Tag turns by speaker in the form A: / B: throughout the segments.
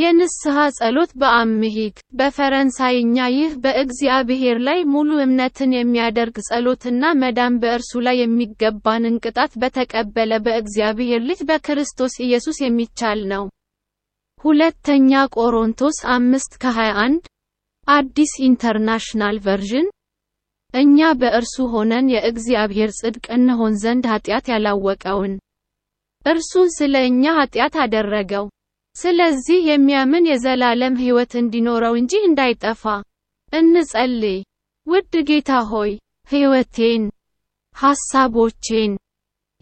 A: የንስሐ ጸሎት በአምሂክ በፈረንሳይኛ ይህ በእግዚአብሔር ላይ ሙሉ እምነትን የሚያደርግ ጸሎትና መዳን በእርሱ ላይ የሚገባንን ቅጣት በተቀበለ በእግዚአብሔር ልጅ በክርስቶስ ኢየሱስ የሚቻል ነው። ሁለተኛ ቆሮንቶስ 5 ከ21 አዲስ ኢንተርናሽናል ቨርዥን እኛ በእርሱ ሆነን የእግዚአብሔር ጽድቅ እንሆን ዘንድ ኃጢአት ያላወቀውን እርሱን ስለ እኛ ኃጢአት አደረገው። ስለዚህ የሚያምን የዘላለም ሕይወት እንዲኖረው እንጂ እንዳይጠፋ እንጸልይ። ውድ ጌታ ሆይ፣ ሕይወቴን፣ ሐሳቦቼን፣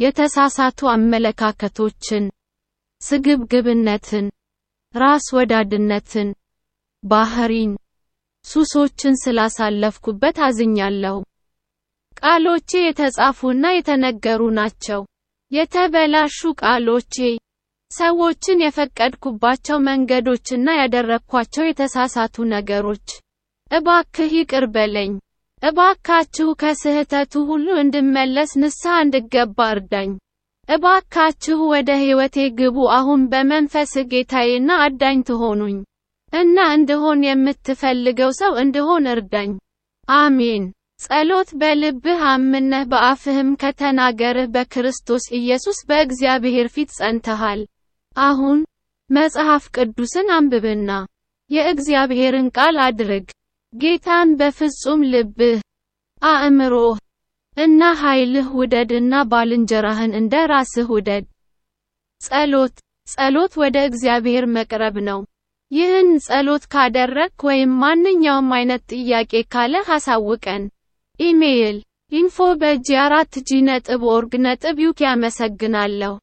A: የተሳሳቱ አመለካከቶችን፣ ስግብግብነትን፣ ራስ ወዳድነትን፣ ባህሪን፣ ሱሶችን ስላሳለፍኩበት አዝኛለሁ። ቃሎቼ የተጻፉና የተነገሩ ናቸው። የተበላሹ ቃሎቼ ሰዎችን የፈቀድኩባቸው መንገዶችና ያደረግኳቸው የተሳሳቱ ነገሮች። እባክህ ይቅር በለኝ። እባካችሁ ከስህተቱ ሁሉ እንድመለስ ንስሐ እንድገባ እርዳኝ። እባካችሁ ወደ ሕይወቴ ግቡ አሁን በመንፈስ ጌታዬና አዳኝ ትሆኑኝ እና እንድሆን የምትፈልገው ሰው እንድሆን እርዳኝ። አሜን። ጸሎት በልብህ አምነህ በአፍህም ከተናገርህ በክርስቶስ ኢየሱስ በእግዚአብሔር ፊት ጸንተሃል። አሁን መጽሐፍ ቅዱስን አንብብና የእግዚአብሔርን ቃል አድርግ። ጌታን በፍጹም ልብህ፣ አእምሮህ እና ኃይልህ ውደድና ባልንጀራህን እንደ ራስህ ውደድ። ጸሎት ጸሎት ወደ እግዚአብሔር መቅረብ ነው። ይህን ጸሎት ካደረግክ ወይም ማንኛውም አይነት ጥያቄ ካለ አሳውቀን። ኢሜይል ኢንፎ በጂ አራት ጂ ነጥብ ኦርግ ነጥብ ዩኬ። አመሰግናለሁ።